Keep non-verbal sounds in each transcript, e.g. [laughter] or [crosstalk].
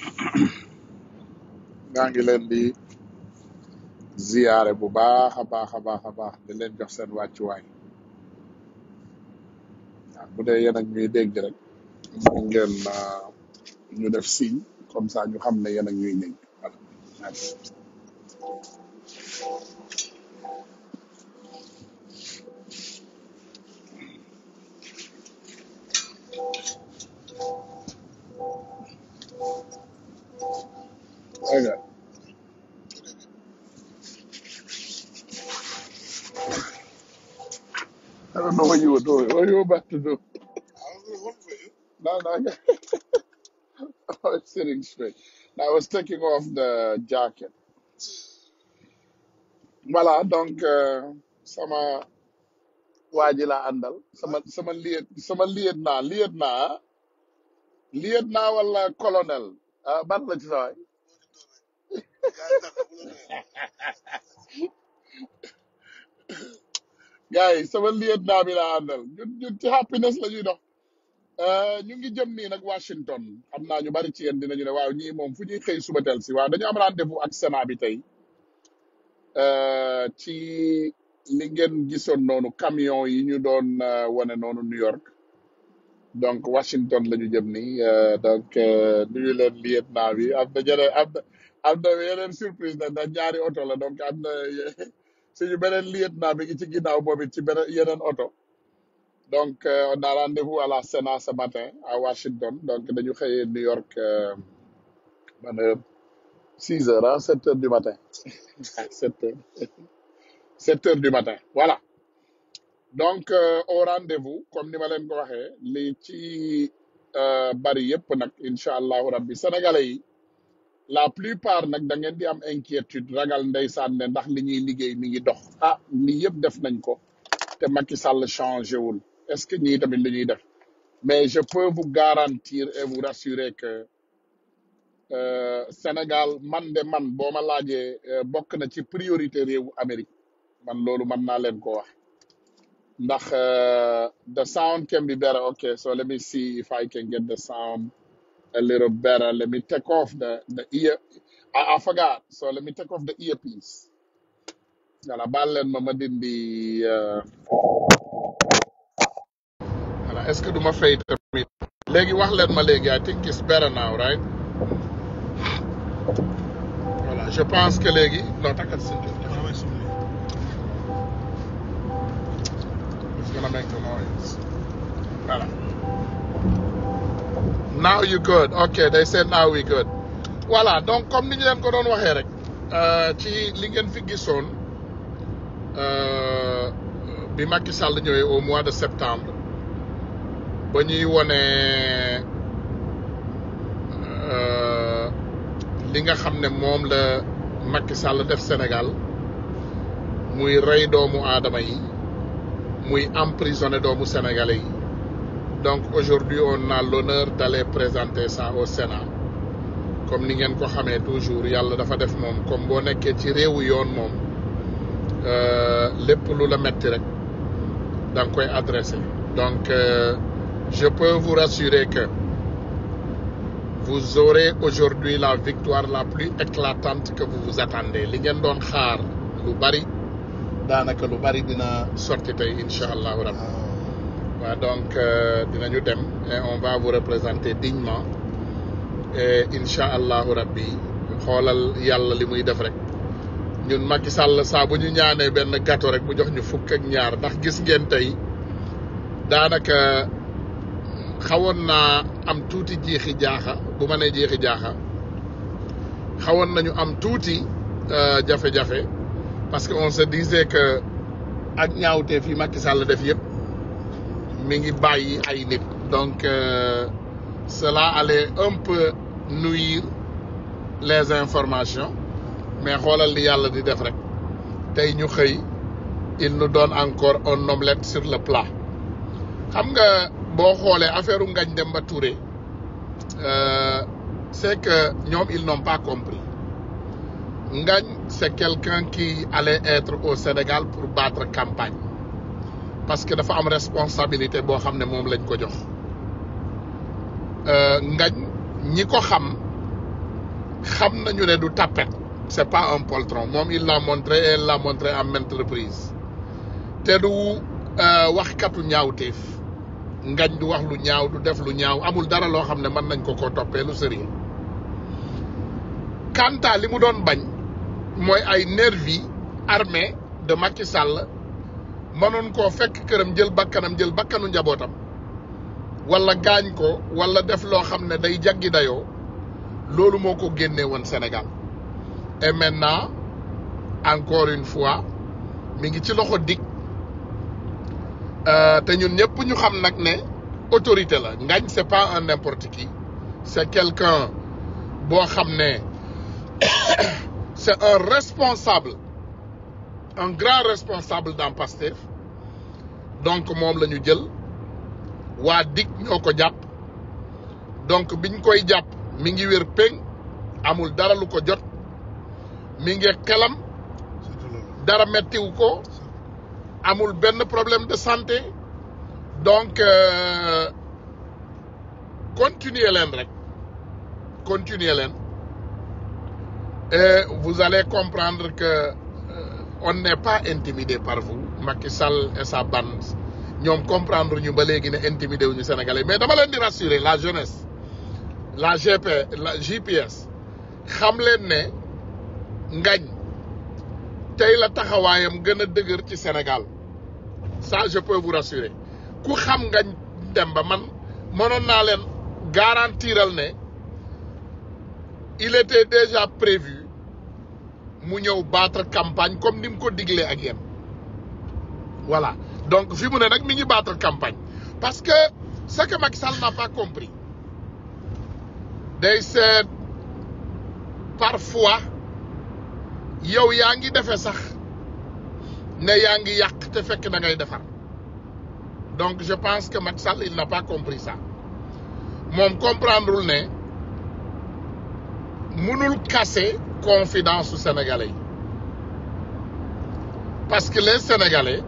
[clears throat] maa ngi leen di ziyaare bu baax a baax a baax a baax di leen jox seen wàccuwaay bu dee yéen ak ñuy dégg rek mun ngeen uh, ñu def signe comme ça ñu xam ne yéen ñuy dégg I got I don't know what you were doing. What to do? No, no, I, got, I was sitting I was taking off the jacket. Voilà, donc euh, sama waa ji laa àndal. Sama sama liet sama liet naa liet wala colonel. Ah, ban la ci sa gars [coughs] yi sama liet naa bi laa àndal ñun ci happiness la ñuy dox euh, ñu ngi jëm nii nag Washington am naa ñu bari ci yéen dinañu ne waaw ñii moom fu ñuy xëy suba teel si waaw dañu am rendez-vous ak Sénat bi tey euh, ci li ngeen gisoon noonu camion yi ñu doon euh, wane noonu New York donc Washington la ñu jëm nii donc nuyu leen liet naa bi am na jële am na yeneen surprise nag ndax ñaari oto la donc am na [laughs] suñu beneen liet naa bi ngi ci ginnaaw boobu ci beneen yeneen oto donc euh, on a rendez-vous à la Sénat matin à Washington donc dañu xëyee New York man euh, six heures ah sept heures du matin [laughs] sept heures [laughs] sept heures du matin voilà donc euh, au rendez-vous comme ni ma leen ko waxee lii ci euh, bari yëpp nag incha allahu rabbi sénégalais yi la plupart nag da ngeen di am inquiétude ragal ndeysaan ne ndax li ñuy liggéey mi ngi dox ah lii yëpp def nañ ko te Macky Sall changé wul est-ce que ñii tamit li def mais je peux vous garantir et vous rassurer que euh, Sénégal man de man boo ma laajee euh, bokk na ci priorité réewu Amérique man loolu mën naa leen ko wax ndax the euh, sound can be better okay so let si see if I can get the sound a little better. Let me take off the, the ear. I, So let me take off the earpiece. Yàlla baal leen ma ma dindi euh, voilà est-ce que du ma fay léegi wax leen ma léegi I think it's better now right je pense que léegi non takat si it's gonna make a noise voilà now you good ok day said now we good voilà donc comme ni ñu leen ko doon waxee rek euh, ci li ngeen fi gisoon euh, bi makki Sall ñëwee au mois de septembre ba ñuy wonee euh, li nga xam ne moom la Macky Sall def Sénégal muy rey doomu aadama yi muy en emprisonné doomu sénégalais yi donc aujourd'hui on a l'honneur d'aller présenter ça au Sénat comme ni ngeen ko xamee toujours yàlla dafa def moom comme boo nekkee ci réewu yoon moom euh, lépp lu la metti rek da nga koy donc euh, je peux vous rassurer que vous aurez aujourd'hui la victoire la plus éclatante que vous vous attendez li ngeen doon xaar lu bari daanaka lu bari dina sorti tey incha allahu rabbi waaw donc euh, dinañu dem et on va vous représenter dignement et incha allahu rabbi xoolal yàlla li muy def rek ñun Macky Sall saa bu ñu benn gâteau rek bu jox ñu fukk ak ñaar ndax gis ngeen tey daanaka xawoon naa am tuuti jeexi jaaxa bu ma nee jeexi jaaxa xawoon nañu am tuuti euh, jafe-jafe parce que on se disait que ak ñaawteef yi Macky Sall def yëpp. mi ngi bàyyi ay nit donc euh, cela allait un peu nuire les informations mais xoolal li yàlla di def rek tey ñu xëy il nous donne encore un omelette sur le plat xam nga boo xoolee affaire ngañ dem ba euh, c'est que ñoom il n'ont pas compris Ngagne c'est quelqu'un qui allait être au Sénégal pour battre campagne parce que dafa am responsabilité boo xam ne moom lañ ko jox euh, ngañ ñi ko xam xam nañu ne du tapet c'est pas un poltron moom il l'a montré et il l'a montré à maintes te du euh, waxkatu ñaawteef ngañ du wax lu ñaaw du def lu ñaaw amul dara loo xam ne mën nañ ko koo toppee lu sérieux kanta li mu doon bañ mooy ay nervi armé de Macky Sall mënoon koo fekk këram jël bakkanam jël bakkanu njabootam wala gaañ ko wala def loo xam ne day jaggi dayoo loolu moo ko génnee woon Sénégal et maintenant encore une fois mi ngi ci loxo dig euh, te ñun ñëpp ñu xam nag ne autorité la Ngagne c'est pas un n'importe qui c'est quelqu'un boo xam ne [coughs] c'est un responsable un grand responsable dans Pastef donc moom la ñu jël waa DIC ñoo ko jàpp donc biñ koy jàpp mi ngi wér péng amul dara lu ko jot mi ngi xelam dara mettiwu ko amul benn problème de santé donc euh, continuer leen rek continuer leen e vous allez comprendre que on n'est pas intimidé par vous Macky Sall et sa bande ñoom comprendre ñu ba léegi ne intimidé wu ñu sénégalais mais dama leen di rassurer la jeunesse la GP la GPS xam leen ne ngañ tey la taxawaayam gën a dëgër ci Sénégal ça je peux vous ku xam ngañ dem ba man mënoon naa leen garantiral ne il était déjà prévu. mu ñëw battre campagne comme ni mu ko diglee ak yéen voilà donc fi mu ne nag mi ngi battre campagne parce que ce que Macky Sall n'a pas compris day seet parfois yow yaa ngi defee sax ne yaa ngi yàq te fekk da ngay defar donc je pense que Macky Sall il n'a pas compris ça moom comprendrewul ne. mënul casser confiance su sénégalais yi parce que les sénégalais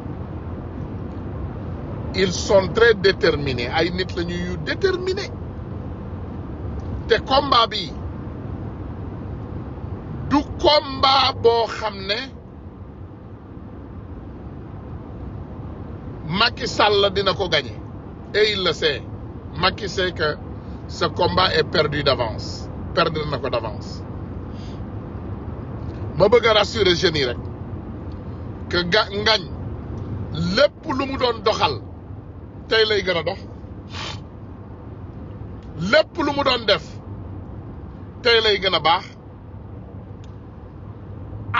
ils sont très déterminés ay nit la ñuy yu déterminés te combat bi du combat boo xam ne Macky Sall dina ko gagner et il le sait Macky sait que ce combat est perdu d'avance perdre na ko d'avance ma bëgg a rassurer jeunes yi rek que ga ngañ lépp lu mu doon doxal tey lay gën a dox lépp lu mu doon def tey lay gën a baax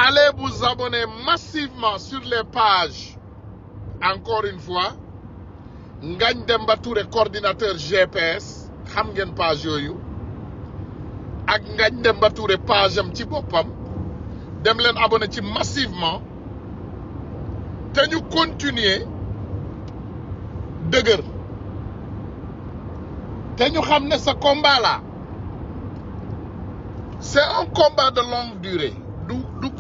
allez vous abonner massivement sur les pages encore une fois Ngagne Demba Touré coordinateur GPS xam ngeen page yooyu ak Ngagne Demba Touré ci boppam dem leen abonné ci massivement te ñu continuer dëgër te ñu xam ne sa combat là c'est un combat de longue durée du du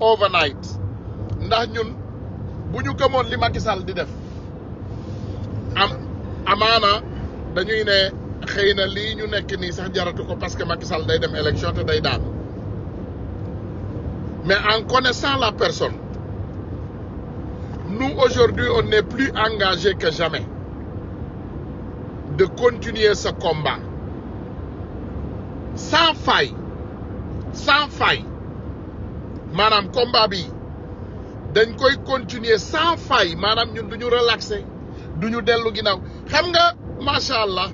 overnight ndax ñun bu ñu gëmoon li di def am amaana dañuy ne xëy na lii ñu nekk nii sax jaratu ko parce que Macky Sall day dem élection te day daan mais en connaissant la personne nous aujourd'hui on est plus engagé que jamais de continuer ce combat sans faille sans faille maanaam combat bi dañ koy continuer sans faille maanaam ñun du ñu du ñu dellu ginnaaw xam nga macha allah.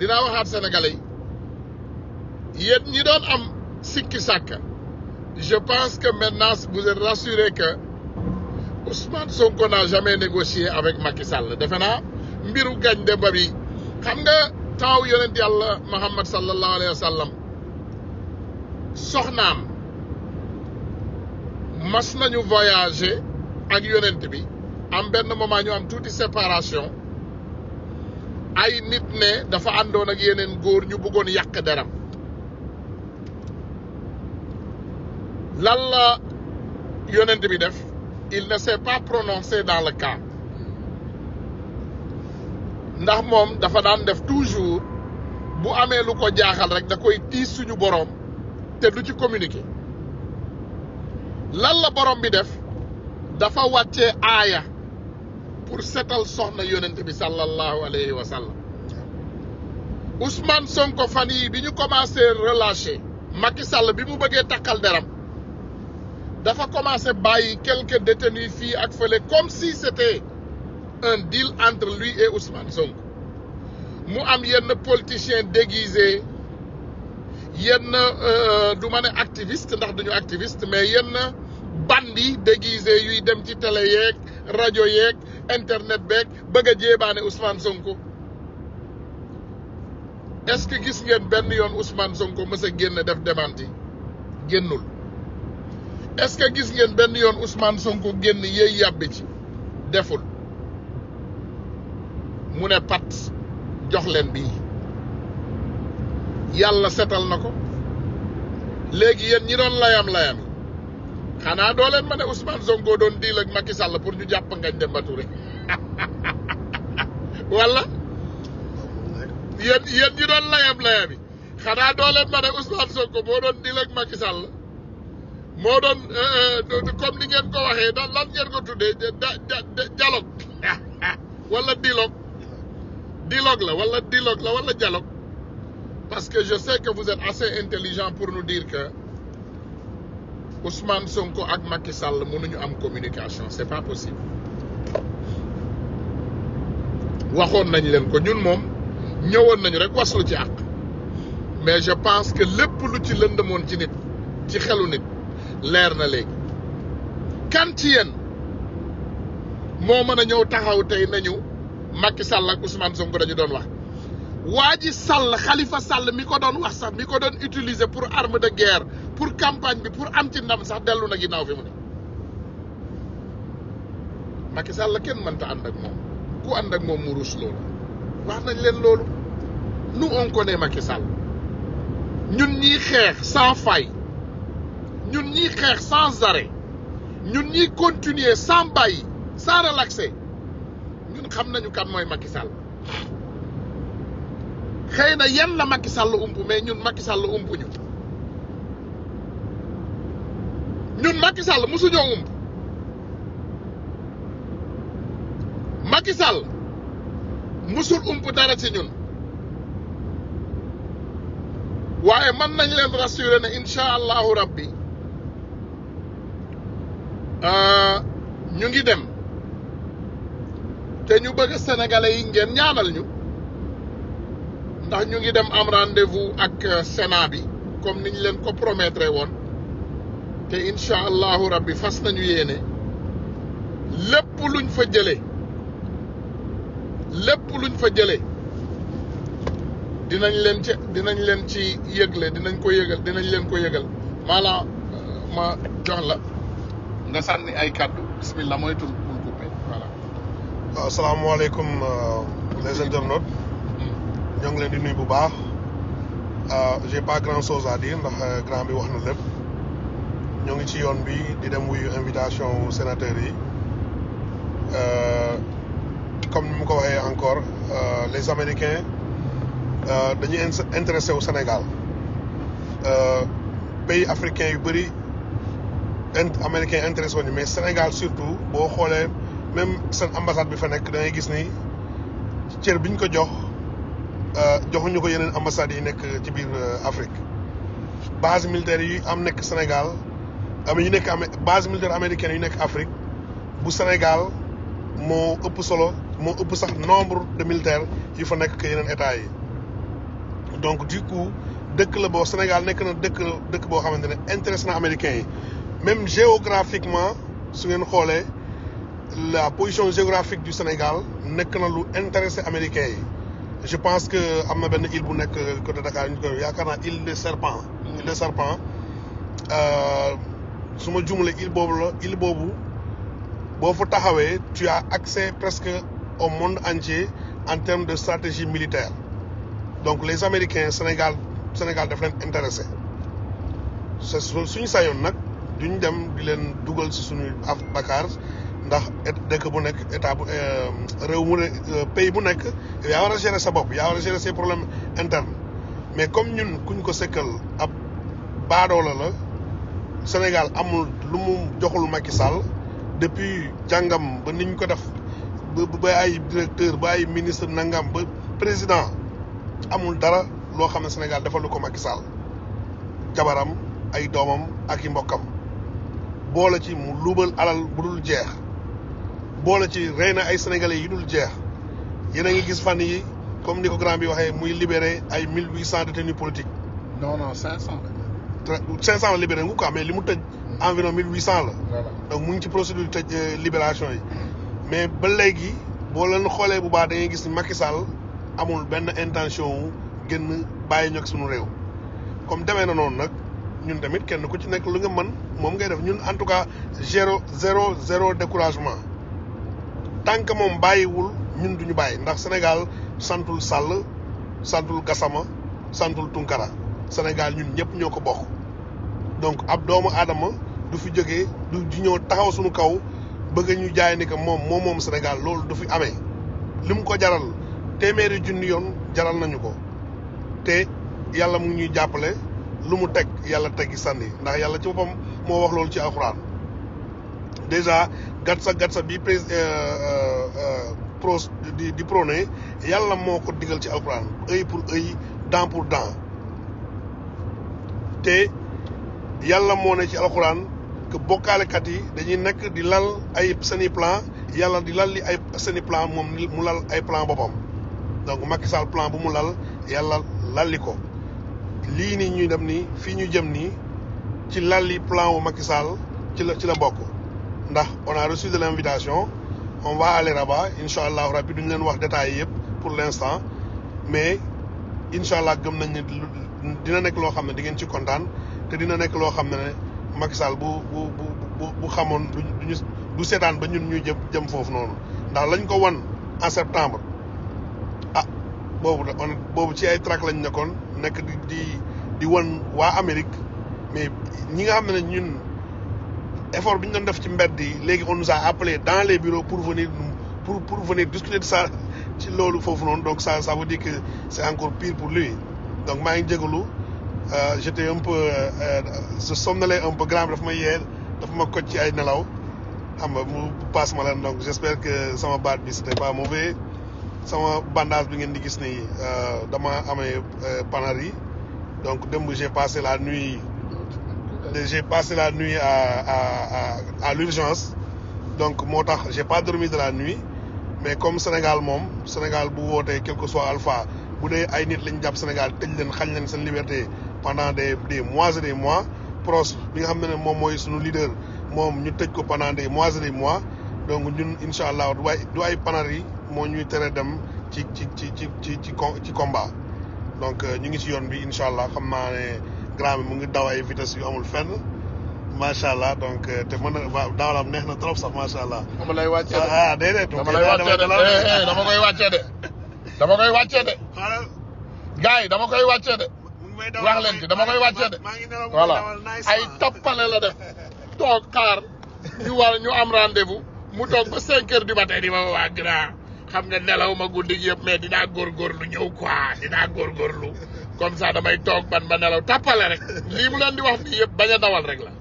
dinaa waxaat sénégalais yi yéen ñi doon am sikki sàkka je pense que maintenant vous êtes rassurés que Ousmane Sonko n'a jamais négocié avec Macky Sall defe naa mbiru gañ de bari xam nga taaw yonent yàlla Muhammad sallallahu alayhi wa sallam soxnaam mas nañu voyager ak yonent bi am benn moment ñu am tuuti séparation. ay nit ne dafa àndoon ak yeneen góor ñu bëggoon yàq deram lan la yonent bi def il ne s'est pas prononcé dans le cas ndax moom dafa daan def toujours bu amee lu ko jaaxal rek da koy tiis suñu boroom te du ci communiquer lan la boroom bi def dafa wàccee aaya pour setal soxna yonent bi sallallahu alayhi wa sallam Ousmane Sonko fan yi bi ñu commencé relâché Macky bi mu bëggee takkal deram dafa commencé bàyyi quelques détenus fii ak fële comme si c'était un deal entre lui et Ousmane Sonko mu am yenn politicien déguisé yenn euh, du ma ne activiste ndax duñu activiste mais yenn bandi déguisé yuy dem ci télé yeeg rajo yeeg internet beeg bëgg a jéebaane Ousmane Sonko est-ce que gis ngeen benn yoon Ousmane Sonko mës a génn def démenti génnul est-ce que gis ngeen benn yoon Ousmane Sonko génn yéey yàbbi ci deful mu ne pat jox leen bii yàlla setal na ko léegi yéen ñi doon layam layam xanaa doo leen ma ne Ousmane Sonko doon diil ak Macky Sall pour ñu jàpp Ngagne Demba Touré [laughs] wala yéen yéen ñi layam layam yi xanaa ma ne Ousmane Sonko moo doon diil ak Macky moo doon euh, euh, comme ni ngeen ko waxee da lan ngeen ko tuddee dialogue [laughs] wala dialogue dialogue la wala dialogue la wala dialogue parce que je sais que vous êtes assez intelligent pour nous diir que Ousmane Sonko ak Macky Sall mënuñu am communication c'est pas possible waxoon nañ leen ko ñun moom ñëwoon nañu rek waslu ci àq mais je pense que lépp lu ci lëndëmoon ci nit ci xelu nit leer na léegi kan ci yéen moo mën a ñëw taxaw tey nañu Macky Sall ak Ousmane Sonko dañu doon wax waa ji Sall Khalifa Sall mi ko doon wax sax mi ko doon utiliser pour arme de guerre pour campagne bi pour am ci ndam sax dellu na ginnaaw fi mu ne Macky la kenn mënta ànd ak moom ku ànd ak moom mu rus loolu wax nañ leen loolu nous on connaît Macky ñun ñii xeex sans faille ñun ñii xeex sans arrêt ñun ñiy continuer sans bàyyi sans relaxer ñun xam nañu kan mooy Macky Sall xëy na yan la Macky Sall ump mais ñun Macky Sall ump ñu. ñun Macky Sall mosuñoo ump Macky Sall mosul ump dara ci ñun waaye man nañ leen rassurer ne incha allahu rabbi euh, ñu ngi dem te ñu bëgg sénégalais yi ngeen ñaanal ñu ndax ñu ngi dem am ak euh, Sénat bi comme niñ leen ko woon. te incha allahu rabbi fas nañu yéene lépp luñ fa jëlee lépp luñ fa jëlee dinañ leen ci dinañ leen ci yëgle dinañ ko yëgal dinañ leen ko yëgal maanaam ma jox la nga sànni ay kàddu bismillah mooy tur pour couper voilà. waaw euh, mm-hmm. ñoo ngi leen di nuyu bu baax euh, j'ai pas grand chose à ndax euh, grand bi wax na lépp. ñoo ngi ci yoon bi di dem wuyu invitation wu sénateur yi euh, comme ni mu ko waxee encore euh, les américains euh, dañuy intéressé wu Sénégal pays africains yu bëri américains intéressé wuñu mais Sénégal surtout boo xoolee même seen ambassade bi fa nekk da gis ni cër biñ ko jox joxuñu ko yeneen ambassades yi nekk ci biir Afrique base militaire yi am nekk Sénégal am ñu nekk am base militaire américaine yu nekk Afrique bu Sénégal moo ëpp solo moo ëpp sax nombre de militaires yu fa nekk yeneen état yi donc du coup dëkk la boo Sénégal nekk na dëkk dëkk boo xamante ne intéressé na américain yi même géographiquement su ngeen xoolee la position géographique du Sénégal nekk na lu intéressé américain yi je pense que am na benn île bu nekk côté Dakar ñu koy yaakaar naa île des serpents île des serpents euh, su ma jumale il boobu la île boobu boo fa taxawee tu as accès presque au monde entier en termes de stratégie militaire donc les américains Sénégal Sénégal daf leen intéressé c'est suñu sañoon nag duñ dem leen dugal si suñu af Dakar ndax dëkk bu nekk état bu euh, réew mu ne euh, pays bu nekk yaa war a gérer sa bopp yaa war a gérer ses problèmes internes mais comme ñun kuñ ko sëkkal ab baadoola la Sénégal amul lu mu joxul Macky Sall depuis jàngam ba ni ñu ko def ba ay directeur ba ay ministre nangam ba président amul dara loo xam ne Sénégal defalu ko Macky Sall jabaram ay doomam ak i mbokkam boole ci mu luubal alal bu dul jeex boole ci rey na ay sénégalais yi dul jeex yéen a ngi gis fan yi comme ni ko grand bi waxee muy libéré ay mille huit cent détenus politiques non non cent cinq cent libéré ngu quoi mais li mu tëj environ mille huit cent la donc mu ngi ci procédure euh, libération yi mais ba léegi boo leen xoolee bu baax da gis ni Macky Sall amul benn intention wu génn bàyyi ñoog suñu réew comme demee na noonu nag ñun tamit kenn ku ci nekk lu nga mën moom ngay def ñun en tout cas zéro zéro zéro découragement tant que moom bàyyiwul ñun duñu bàyyi ndax Sénégal santul Sall santul Gassama santul Tunkara Sénégal ñun ñëpp ñoo ko bokk donc ab doomu aadama du fi jóge du di ñëw taxaw suñu kaw bëgg ñu jaay ni que moom moo moom Sénégal loolu du fi amee li mu ko jaral téeméeri junni yoon jaral nañu ko te yàlla mu ñuy jàppale lu mu teg yàlla teggi sànni ndax yàlla ci boppam moo wax loolu ci alxuraan déjà gatsa gatsa bi prés euh, euh, euh, pro di di prôné yàlla moo ko digal ci alxuraan œil pour œil dent pour dent te. yàlla moo ne ci alxuraan que bokkaalekat yi dañuy nekk di lal ay seeni plan yàlla di lal li ay seeni plan moom mu lal ay plan boppam donc Macky Sall plan bu mu lal yàlla lalli ko lii nii ñuy dem nii fii ñu jëm nii ci lalli plan wu Macky Sall ci la ci la bokk ndax on a reçu de l'invitation on va aller là-bas incha allah rabbi duñ leen wax détails yëpp pour l'instant mais incha allah gëm nañ ne dina nekk loo xam ne di ngeen ci kontaan te dina nekk loo xam ne Macky Sall bu bu bu bu xamoon du ñu seetaan ba ñun ñuy jëm jëm foofu noonu ndax lañ ko won en septembre ah boobu da on boobu ci ay track lañ nekkoon nekk di di di wan waa Amérique mais ñi nga xam ne ñun effort bi ñu doon def ci mbedd yi léegi on nous a appelé dans les bureaux pour venir pour pour venir discuter ça ci loolu foofu noonu donc sa ça veut dire que c'est encore pire pour lui donc maa ngi jégalu. Euh, j'étais un peu euh, euh, su un peu grand bi ma yee daf ma koj ci ay nelaw xam nga mu passe ma lan donc j'espère que sama baat bi c'était pas mauvais sama bandage bi ngeen di gis nii dama amee panari donc démb j'ai la nuit j'ai passé la nuit à à à à l'urgence donc moo tax j'ai pas dormi de la nuit mais comme Sénégal moom Sénégal bu woote quel que soit bu dee ay nit lañ jàpp Sénégal tëj leen xañ leen seen liberté pendant des des mois et des mois Proche bi nga xam ne moom mooy suñu leader moom ñu tëj ko pendant des mois et des mois donc ñun incha allah du ay du ay panar moo ñuy tere dem ci ci ci ci ci ci ci combat donc euh, ñu ngi ci yoon bi incha allah xam naa ne grand bi mu ngi daw ay vitesse yu amul fenn macha allah donc euh, te mën na waaw daawalam neex na trop sax macha allah. lay wàccee de de dama koy wàccee de. dama koy wàccee de. gars yi dama koy wàccee de. wax leen ci dama koy wàccee de. voilà ay tappale la def toog xaar ñu war ñu am rendez-vous mu toog ba 5 heures ba tey di ma waa grand xam nga nelaw ma guddi gi yëpp mais dinaa ñëw quoi dinaa góorgóorlu comme ça damay toog ban ba nelaw tappale rek lii mu leen di wax nii yëpp bañ a dawal rek la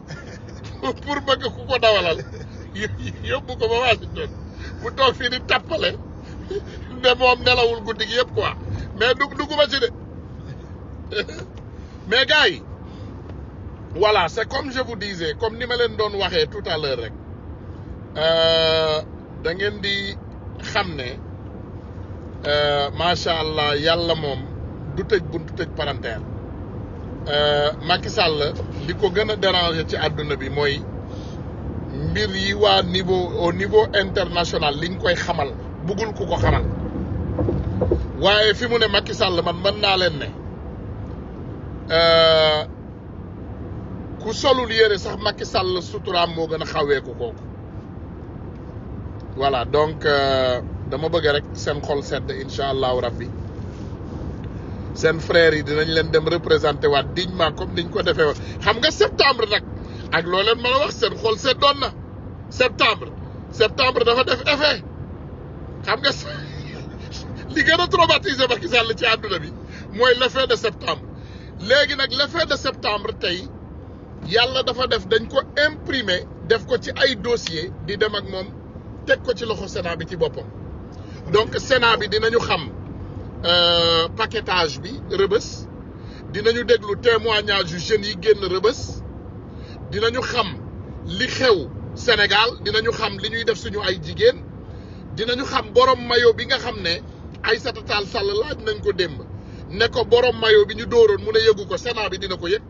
[laughs] pour bëgg ku ko dawalal [laughs] yóbbu ko ba Washington mu toog fii di tappale. de moom nelawul guddi gi yëpp quoi mais du dugguma ci de [laughs] mais gars yi voilà c'est comme je vous disais comme ni ma leen doon waxee tout à l'heure rek euh, da ngeen di xam ne euh, macha allah yàlla moom du tëj buntu tëj parenthèse euh, Macky Sall li ko gën a déranger ci àdduna bi mooy mbir yi waa niveau au niveau international liñ koy xamal bëggul ku ko xamal waaye fi mu ne makki Sall man mën naa leen ne euh, ku solul yére sax Macky Sall suturam moo gën a xaweeku kooku voilà donc euh, dama bëgg rek seen xol sedd incha allahu rabbi seen frères yi dinañ leen dem représenté waat dignement comme niñ ko defee woon xam nga septembre nag ak loo leen mën a wax seen xol seddoon na septembre septembre dafa def effet xam nga. li gën a traumatisé Macky Sall ci àdduna bi mooy l'effet de septembre léegi nag l'effet de septembre tey yàlla dafa def dañ ko imprimer def ko ci ay dossier di dem ak moom teg ko ci loxo Sénat bi ci boppam donc Sénat bi dinañu xam euh, paquetage bi rëbës dinañu déglu témoignage yu jeunes yi génn rëbës dinañu xam li xew Sénégal dinañu xam li ñuy def suñu ay jigéen dinañu xam borom mayo bi nga xam ne ay Aïssata Tall Sall laaj nañ ko démb ne ko borom mayo bi ñu dóoroon mu ne yëgu ko Sénat bi dina ko yëg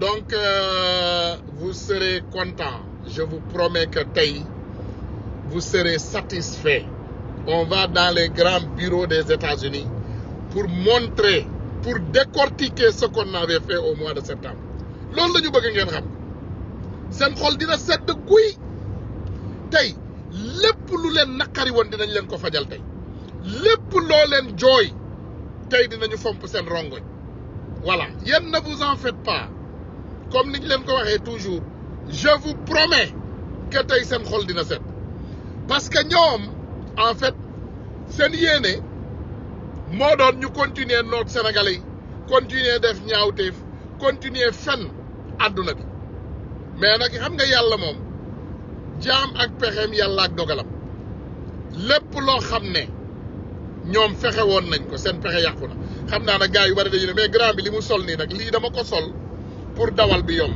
donc euh, vous serez content je vous promets que tey vous serez satisfait on va dans les grands bureaux des États-Unis pour montrer pour décortiquer ce qu'on avait fait au mois de septembre loolu la ñu bëgg ngeen xam seen xol dina sedd guy tey lépp lu leen naqari woon dinañ leen ko fajal tey lépp loo leen jooy tey dinañu fomp seen rongoñ voilà yéen ne vous en faites pas comme niñ leen ko waxee toujours je vous promets que tey seen xol dina set parce que ñoom en fait seen yéene moo doon ñu continuer noot sénégalais yi continuer def ñaawteef continuer fen àdduna bi mais nag xam nga yàlla moom jaam ak pexeem yàlla ak dogalam lépp loo xam ne ñoom fexe woon nañ ko seen pexe yàqu na xam naa nag gars yu bari dañu ne mais grand bi li mu sol nii nag lii dama ko sol pour dawal bi yomb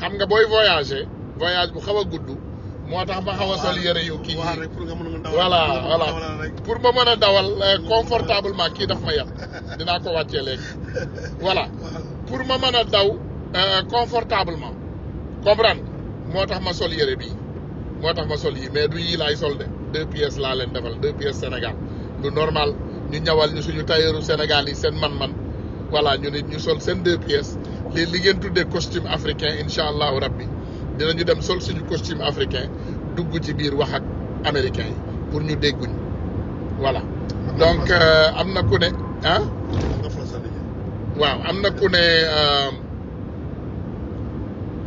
xam nga booy voyager voyage bu xaw a gudd moo tax ma xaw a sol yëre yu kii voilà voilà pour ma mën a dawal euh, confortablement kii daf ma yàq dinaa ko wàccee léegi voilà pour ma mën a daw euh, confortablement comprendre moo tax ma sol yëre bii moo tax ma sol yi mais du yii laay sol de deux pièces laa leen defal deux pièces Sénégal du normal ñu ñawal ñu suñu tailleur Sénégal yi seen man-man voilà ñu ne ñu sol seen deux pièces li li ngeen costume africain incha allahu rabbi dinañu dem sol suñu costume africain dugg ci biir wax ak américain yi pour ñu dégguñ voilà. donc euh, am na ku ne ah. waaw am na ku ne euh,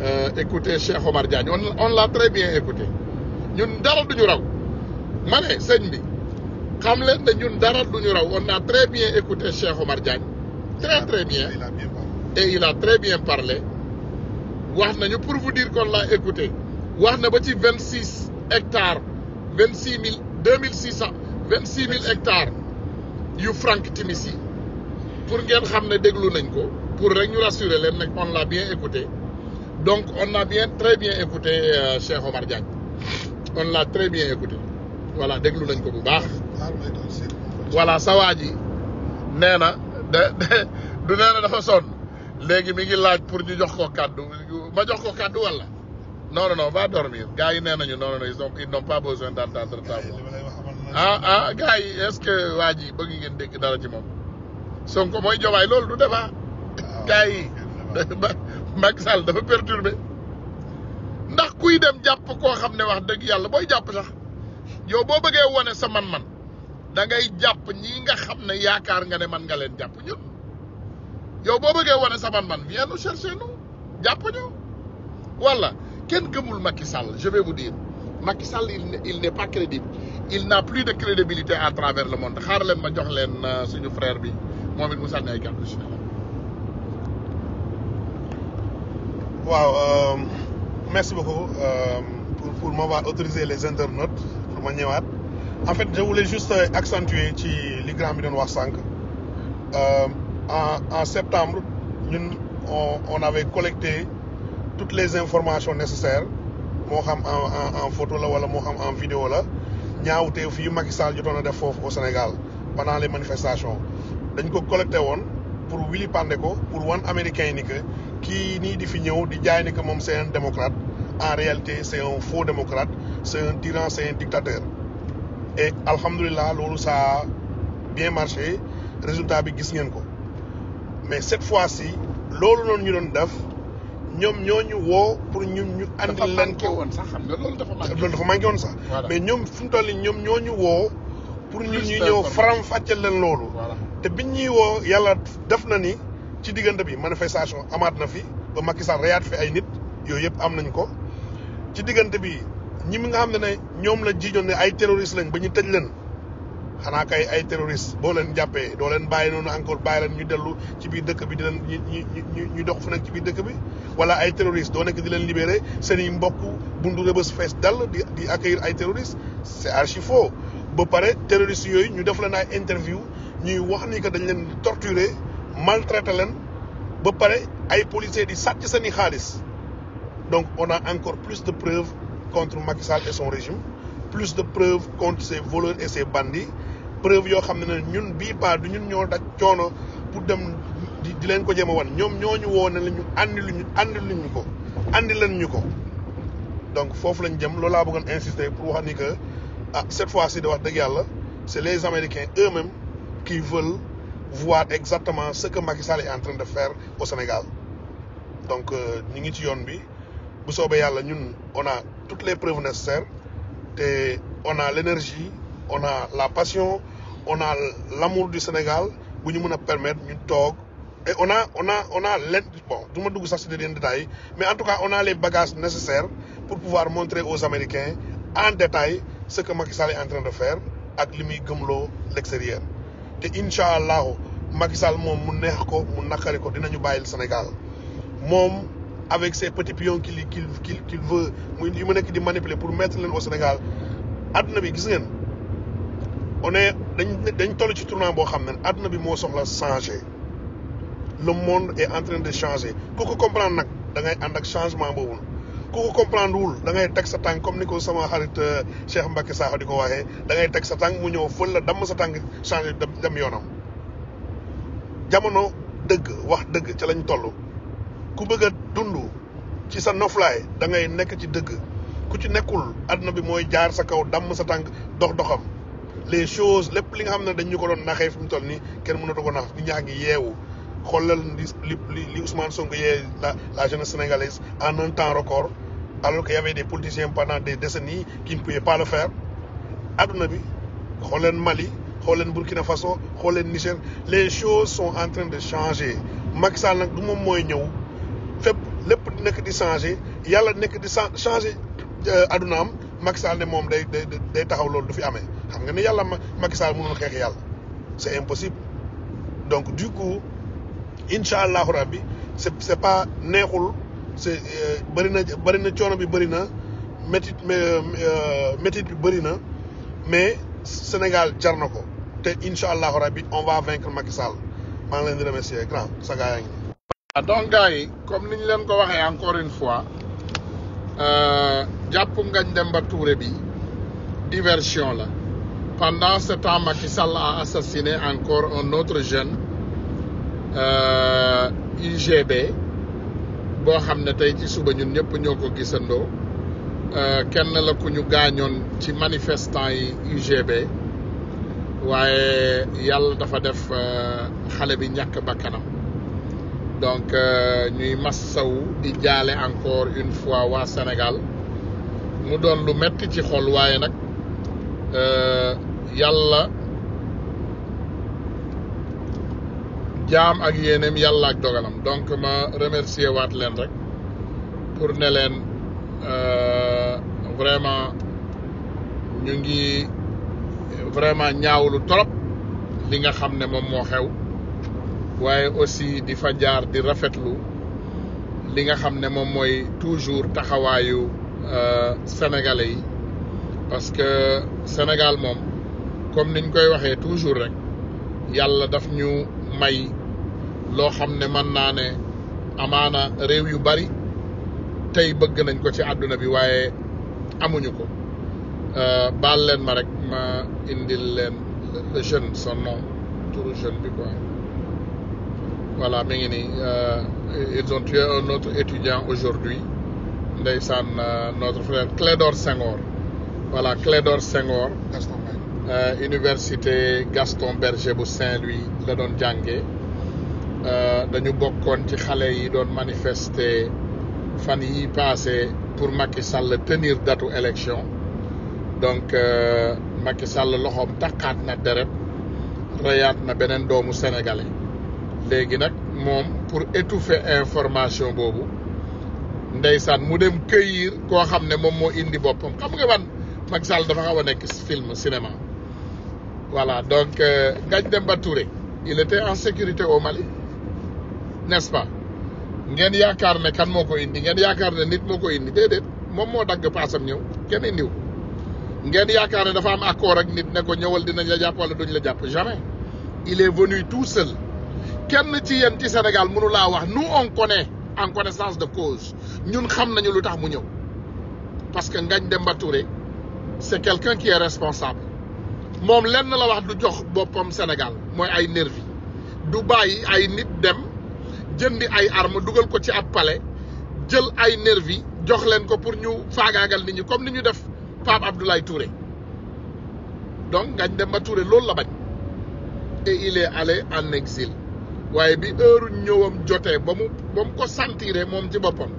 euh, écoutez Cheikh Omar Diagne on on l'a très bien écouté ñun dara duñu raw ma ne sëñ bi. xam leen ne ñun dara du ñu raw on na très bien écouté Cheikh Omar Diagne très bien et il a très bien parlé wax nañu pour vous dire qu'on l'a écouté wax na ba ci vingt six hectares vingt six mille deux mille six cent vingt six mille hectares yu Franck Timis yi pour ngeen xam ne déglu nañ ko pour rek ñu rassurer leen nag on l'a bien écouté donc on na bien très bien écouté euh, Cheikh Omar Diagne on l'a très bien écouté voilà déglu nañ ko bu baax voilà sa waa ji nee na de du nee na dafa sonn léegi mi ngi laaj pour ñu jox ko kàddu ma jox ko kàddu wala non non non va dormir gars yi nee nañu non non non ils n'ont pas besoin d'entendre ta voix ah ah gars yi est-ce que waa ji bëgg ngeen dara ci moom Sonko mooy jobaay loolu du débat ah, gars yi [laughs] Macky Sall dafa ndax kuy dem jàpp koo xam ne wax dëgg yàlla booy jàpp sax yow boo bëggee wone sa man-man da ngay jàpp ñi nga xam ne yaakaar nga ne man nga leen jàpp ñun yow boo bëggee wane sa man-man viens nous chercher nous jàpp ñu wala kenn gëmul Macky Sall je vais vous dire Macky Sall il n'est pas crédible il n'a plus de crédibilité à travers le monde xaar leen ma jox leen euh, suñu frère bi moom it mu sànni ay kàddu waaw euh, merci beaucoup euh, pour pour m'avoir autorisé les internautes pour ma ñëwaat. en fait je voulais juste euh, accentuer ci li grand bi doon wax sànq euh, en en septembre ñun on on avait toutes les informations nécessaires moo xam en en photo la wala moo xam en vidéo la ñaawteef yi Macky Sall jotoon a def foofu au Sénégal pendant les manifestations dañ ko collecté woon pour wili pande ko pour wan américain ni que kii nii di fi ñëw di jaay ni que moom c'est un démocrate en réalité c'est un faux démocrate c'est tyran c'est dictateur et alhamdulilah loolu ça a bien marché résultat bi gis ngeen ko mais cette fois si loolu noonu ñu doon def ñoom ñoo ñu woo pour ñun ñu. andi leen ko sax xam nga loolu dafa manqué woon. loolu sax. mais ñoom fi mu nii ñoom ñoo ñu woo. pour ñun ñu ñëw faram fàcceel leen loolu. te biñ ñuy woo yàlla def na ni ci diggante bi manifestation amaat na fi ba Macky sax reyaat fi ay nit yooyu yëpp am nañ ko ci diggante bi. ñi mi nga xam ne ne ñoom la jiiñoon ne ay terroriste lañ ba ñu tëj leen xanaa kay ay terroriste boo leen jàppee doo leen bàyyi noonu encore bàyyi leen ñu dellu ci biir dëkk bi di leen ñu ñu dox fu nekk ci biir dëkk bi wala ay terroriste doo nekk di leen libéré seen i mbokk bundu rëbës fees dal di di accueillir ay terroriste c'est archi faux ba pare terroriste yooyu ñu def leen ay interview ñuy wax ni que dañ leen torturé maltraité leen ba pare ay policiers di sàcc seen i xaalis donc on a encore plus de preuves contre Macky Sall et son régime plus de preuves contre ces voleurs et ces bandits preuve yoo xam ne na ñun bii pas du ñun ñoo daj coono pour dem di leen ko jéem a wan ñoom ñooñu woo ne la ñu andi luñu andi luñu ko andi leen ñu ko donc foofu lañ jëm loolu laa bëggoon insister pour wax ni que ah cette fois ci de wax dëgg yàlla c'est les américain eux-mêmes qui veulent voir exactement ce que Macky Sall est en train de faire au Sénégal donc euh, ñu ngi ci yoon bi bu soobee yàlla ñun on a toutes les preuves nécessaires te on a l'énergie ona la passion ona a l'amour du Sénégal bu ñu mën a permettre ñu toog et ona a on a on a l' bon du ma dugg sax si yeneen mais en tout cas on a les bagages nécessaires pour pouvoir montrer aux Américains en détail ce que Macky Sall est en train de faire ak li muy gëmloo l'extérieur te incha allahu Macky Sall moom mu neex ko mu naqari ko ñu bàyyil Sénégal moom. avec ces petits pions qu'il qu'il qu'il qu'il veut muy mu nekk di manipuler pour mettre leen au Sénégal àdduna bi gis ngeen on dañ dañ toll ci tournant boo xam ne àdduna bi moo soxla changer le monde est en de changer ku ko comprendre nag da ngay ànd ak changement boobu ku ko comprendre wul da ngay teg sa tànk comme ni ko sama xarit euh, Cheikh Mbacke Sakho di ko waxee da teg sa tànk mu ñëw fël la damm sa tànk changer dem yoonam jamono dëgg wax dëgg ca lañ toll. ku bëgg a dund ci sa noflaay dangay nekk ci dëgg ku ci nekkul àdduna bi mooy jaar sa kaw dàmm sa tànk dox doxam les choses lépp li nga xam ne dañ ñu ko doon naxee fu mu toll nii kenn na mënatu ko nax ñu ñaa ngi yeewu xoolal li li li Ousmane Sonko yee la la jeunesse sénégalaise en un temps record alors que y avait des politiciens pendant des décennies qui ne par pas le faire adduna bi xool leen Mali xool leen Burkina Faso xool leen Niger les choses son en train de changer Macky Sall nag moom mooy ñëw. fépp lépp di nekk di changé yàlla nekk di changé euh, adunaam Macky Sall ne moom day day taxaw loolu du fi amee xam nga ne yàlla Macky Sall mënul xeex yàlla c'est impossible donc du coup incha allahu rabbi c'est c'est pas neexul c'est euh, bëri na bëri na coono bi bëri na métit métit euh, bi bëri na mais Sénégal jar na ko te incha allahu rabbi on va vaincre Macky Sall maa leen di remercier grand sa gars yaa ah donc gars yi comme ni ñu leen ko waxee encore une fois euh, jàpp Ngagne Demba Touré bi diversion la pendant ce temps Macky Sall a assassiné encore un autre jeune euh, UGB boo xam ne tey ci suba ñun ñëpp ñoo ko gisandoo euh, kenn la ñu gaañoon ci manifestant yi UGB waaye yàlla dafa def euh, xale bi ñàkk bakkanam donc euh, ñuy massawu di jaale encore une fois waa Sénégal mu doon lu metti ci xol waaye nag euh, yàlla jaam ak yéeneem yàlla ak dogalam donc ma remercier waat leen rek pour ne leen euh, vraiment ñu ngi vraiment ñaawlu trop li nga xam ne moom moo xew waaye aussi di fa jaar di rafetlu li nga xam ne moom mooy toujours taxawaayu euh, sénégalais yi parce que Sénégal moom comme niñ koy waxee toujours rek yàlla daf ñu may loo xam ne mën naa ne amaana réew yu bari tey bëgg nañ ko ci àdduna bi waaye amuñu ko euh, baal leen ma rek ma indil leen le jeune son nom turu voilà mi ngi nii euh, ils ont tué un autre étudiant aujourd'hui ndeysaan euh, notre frère Clédor Senghor voilà Clédor Senghor euh, université Gaston Berger bu Saint-Louis la doon jàngee dañu bokkoon ci xale yi doon manifeste fan yi passé pour Macky Sall tenir datu élection donc Macky Sall loxoom takkaat na deret reyaat na beneen doomu sénégalais léegi nag moom pour étouffer information boobu ndeysaan mu dem cueillir koo xam ne moom moo indi boppam xam nga wan Macky Sall dafa xaw a nekk film cinéma voilà donc euh, Ngagne Demba Touré il était en sécurité au Mali n'est-ce pas ngeen yaakaar ne kan moo ko indi ngeen yaakaar ne nit moo ko indi déedéet moom moo dagg paasam ñëw kenn indiw ngeen yaakaar ne dafa am accord ak nit ne ko ñëwal dina la jàpp wala duñ la jàpp jamais il est venu tout seul kenn ci yéen ci Sénégal mënu laa wax nous on connaît en connaissance de cause ñun xam nañu lu tax mu ñëw parce que Ngagne Demba Touré c'est quelqu'un qui est responsable moom lenn la wax du jox boppam Sénégal mooy ay nervi du bàyyi ay nit dem jëndi ay armes dugal ko ci ab palais jël ay nervi jox leen ko pour ñu faagaagal nit ñi comme ni ñu def Pape Abdoulaye Touré donc Ngagne Demba Touré loolu la bañ et il est allé en exil waaye bi heure ñëwam jotee ba mu ba mu ko sentiree moom ci boppam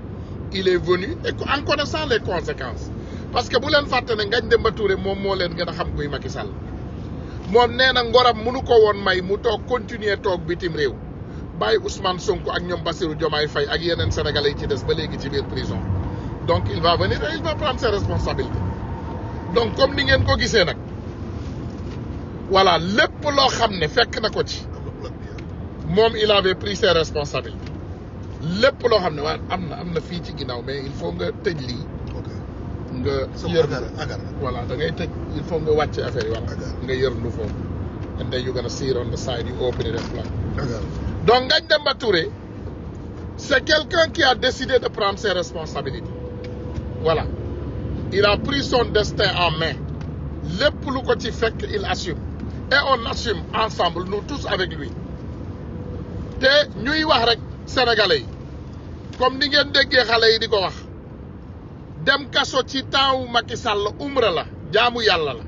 il est venu et en connaissant les conséquences parce que bu leen fàtte ne Ngagne Demba Touré moom moo leen gën a xam kuy Macky Sall moom nee na ngoram mënu ko woon may mu toog continuer toog bitim réew bàyyi Ousmane Sonko ak ñoom Bassirou jomaay fay ak yeneen sénégalais yi ci des ba léegi ci biir prison donc il va venir et il va prendre ses responsabilités donc comme ni ngeen ko gisee nag voilà lépp loo xam ne fekk na ko ci. moom il avait pris ses responsabilités lépp loo xam ne waaye am na am na fii ci ginnaaw mais il faut nga tëj lii. nga yërndu voilà da ngay tëj il faut nga wàcce affaire yi voilà nga yërndu foofu and then you're gonna see it on the side you open it a fly donc Ngagne Demba Touré c'est quelqu'un qui a décidé de prendre ses responsabilités voilà il a pris destin en main lépp lu ko ci fekk il assume et on assume ensemble nous tous avec lui te ñuy wax rek sénégalais yi comme ni ngeen déggee xale yi di ko wax dem kaso ci taawu Macky Sall umra la jaamu yàlla la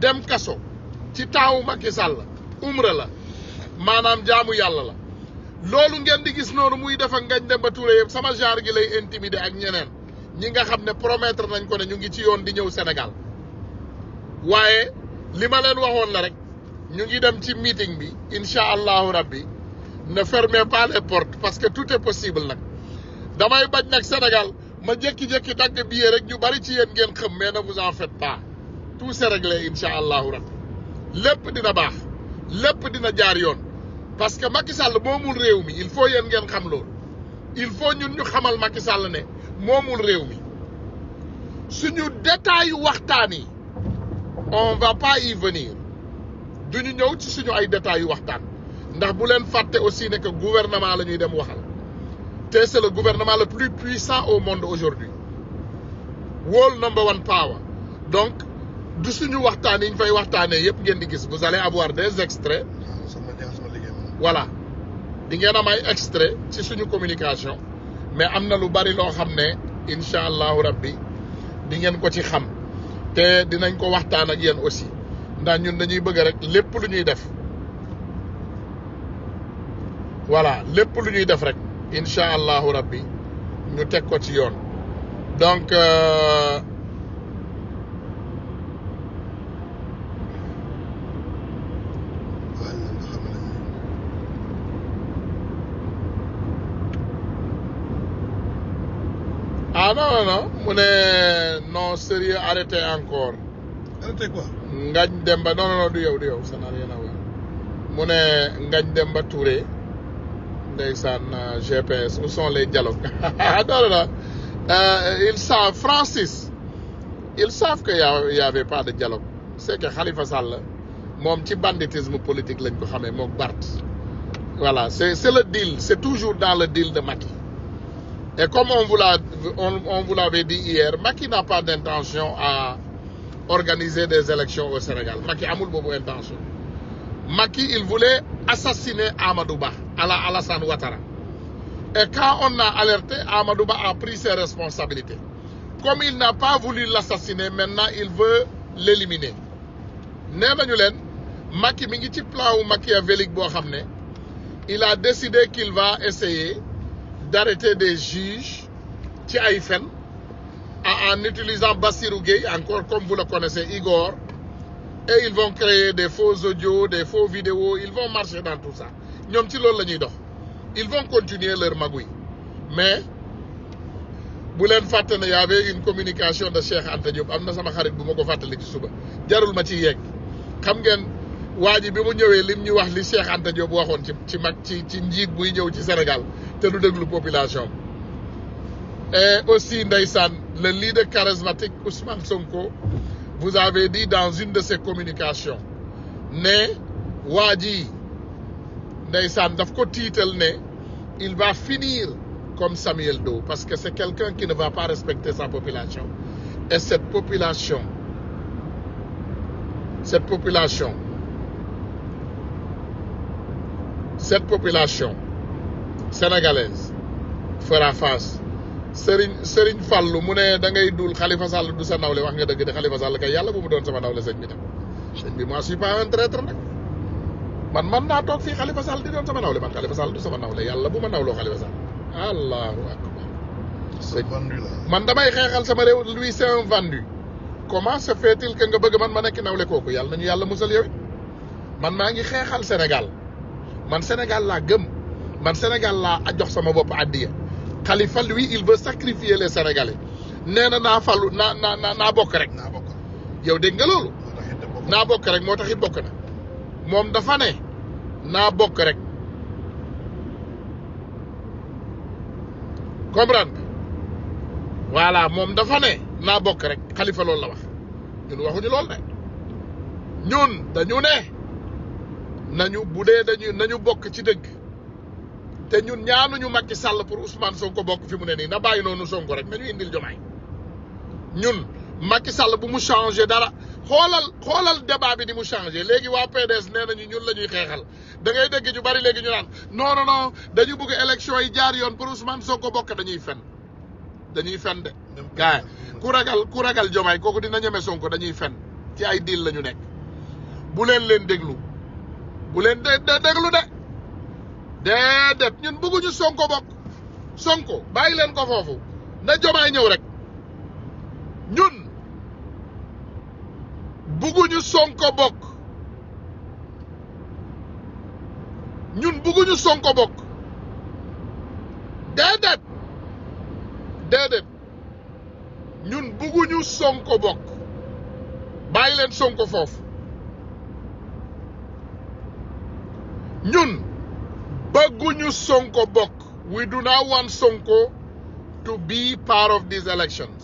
dem kaso ci taawu Macky Sall umra la maanaam jaamu yàlla la loolu ngeen di gis noonu muy def ak Ngagne Demba Touré yëpp sama genre gi lay intimider ak ñeneen ñi nga xam ne promettre nañ ko ne ñu ngi ci yoon di ñëw senegal waaye li ma leen waxoon la rek ñu ngi dem ci meeting bi incha allahu rabbi ne fermez pas les portes parce que tout est possible nag damay bañ nag Sénégal ma jékki-jékki dagg billet rek ñu bari ci yéen ngeen xam mais ne vous en faites pas tout s'est réglé incha allahu rabbi lépp dina baax lépp dina jaar yoon parce que Macky Sall moomul réew mi il faut yéen ngeen xam loolu il faut ñun ñu xamal Macky Sall ne moomul réew mi suñu détail waxtaan yi on va pas y venir duñu ñëw ci suñu ay détails yu waxtaan. ndax bu leen fàtte aussi ne que gouvernement la ñuy dem waxal te c'est le gouvernement le plus puissant au monde aujourd'hui world number one power donc du suñu waxtaan yi ñu fay waxtaanee yëpp ngeen di gis vous allez avoir des extraits voilà di ngeen am ay extraits ci suñu communication mais am na lu bari loo xam ne incha allahu rabbi di ngeen ko ci xam te dinañ ko waxtaan ak yéen aussi ndax ñun dañuy bëgg rek lépp lu ñuy def voilà lépp lu ñuy def rek incha allahu rabbi ñu teg ko ci yoon donc euh, ah non non mu ne non sérieux arrêtez encore. arrêtez Demba non du yow du yow mu ne Ngagne Demba Touré. ndeysaan euh, GPS où sont les dialogues [laughs] ah, non non non euh, ils savent Francis ils savent que y' avait pas de dialogue c' que Khalifa Sall moom ci banditisme politique lañ ko xamee mook Bart voilà c' est le deal c' toujours dans le deal de Macky e comme on vous l'a on, on vous l'avait dit hier Macky n'a pas d'intention à organiser des élections au Sénégal Macky amul boobu intention Macky, il voulait assassiner Amadouba, Alassane Ouattara. Et quand on a alerté, Amadouba a pris ses responsabilités. Comme il n'a pas voulu l'assassiner, maintenant il veut l'éliminer. nee nañu leen Macky mi ngi ci plan wu machiavélique boo xam ne il a décidé qu'il va essayer d'arrêter des juges ci ay fen en utilisant Bassirou Gueye encore comme vous le connaissez Igor et ils vont créer des faux audios des faux vidéos ils vont marcher dans tout ça ñoom ci loolu la ñuy dox ils vont continuer leur magouille mais bu leen fàtte ne y une communication de Cheikh Anta Diop am na sama xarit bu ma ko fàttali ci suba jarul ma ci yeeg xam ngeen waa ji bi mu ñëwee lim ñu wax li Cheikh Anta Diop waxoon ci ci mag ci ci njiit buy ñëw ci Sénégal te lu déglu population et aussi ndeysaan le leader charismatique Ousmane Sonko vous avez dit dans une de ses communications ne waa ji ndeysaan daf ko tiital ne il va finir comme Samuel do parce que c'est quelqu'un qui ne va pas respecter sa population et cette population cette population cette population sénégalaise fera face Serigne Serigne Fallou mu ne da ngay dul xalifa Sall du sa nawle wax nga dëgg de Khalifa Sall kay yàlla bu mu doon sama nawle sëñ bi tam. sëñ man man naa toog fii Khalifa Sall di doon sama nawle man Khalifa Sall du sama nawle yàlla bu ma nawloo Khalifa Sall allahu akbar. man damay xeexal sama réew lui c'est un vendu. comment se fait nga bëgg man ma nekk nawle kooku yàlla ñu yàlla musal yow man maa ngi xeexal Sénégal man Sénégal laa gëm man Sénégal laa jox sama bopp addiya Khalifa lui il veut sacrifier les Sénégalais nee na naa falu naa naa bokk rek. naa bokk yow dégg nga naa bokk rek moo tax it bokk na moom dafa ne naa bokk rek comprendre voilà moom dafa naa bokk rek Khalifa la wax ñun waxuñu loolu de ñun dañu ne nañu bu dee dañu nañu bokk ci dëgg. te ñun ñu Macky Sall pour Ousmane ko bokk fi mu ne nii na bàyyi noonu Sonko rek nañu indil jomaay ñun Macky Sall bu mu changé dara xoolal xoolal débat bi ni mu changé léegi waa PDS nee nañu ñun la ñuy xeexal dangay dégg ñu bari léegi ñu naan non non non dañu bëgg élection yi jaar yoon pour soo ko bokk dañuy fen dañuy fen de gaay ku ragal ku ragal jomaay kooku dina ñeme Sonko dañuy fen ci ay diil la ñu nekk bu leen leen déglu bu leen déglu de déedéet ñun bëgguñu sonko bokk sonko bàyyi leen ko foofu na jomaay ñëw rek ñun bëgguñu sonko bokk ñun bëgguñu sonko bokk déedéet déedéet ñun bëgguñu sonko bokk bàyyi leen sonko foofu ñun bëgguñu Sonko bokk we do not want Sonko to be part of these elections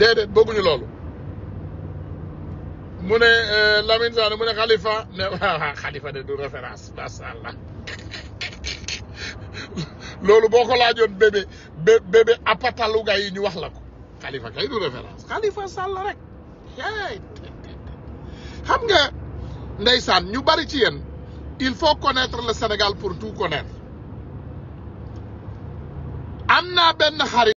déedéet bëgguñu loolu mu ne euh, Lamine Sane mu ne Khalifa ne waaw [laughs] Khalifa de du référence macha allah [laughs] loolu boo ko laajoon bébé bébé apataluga yi ñu wax la ko Khalifa kay Khalifa Sall rek xam nga ndeysaan ñu bari ci yéen. il faut connaître le Sénégal pour tout connaître am naa benn xarit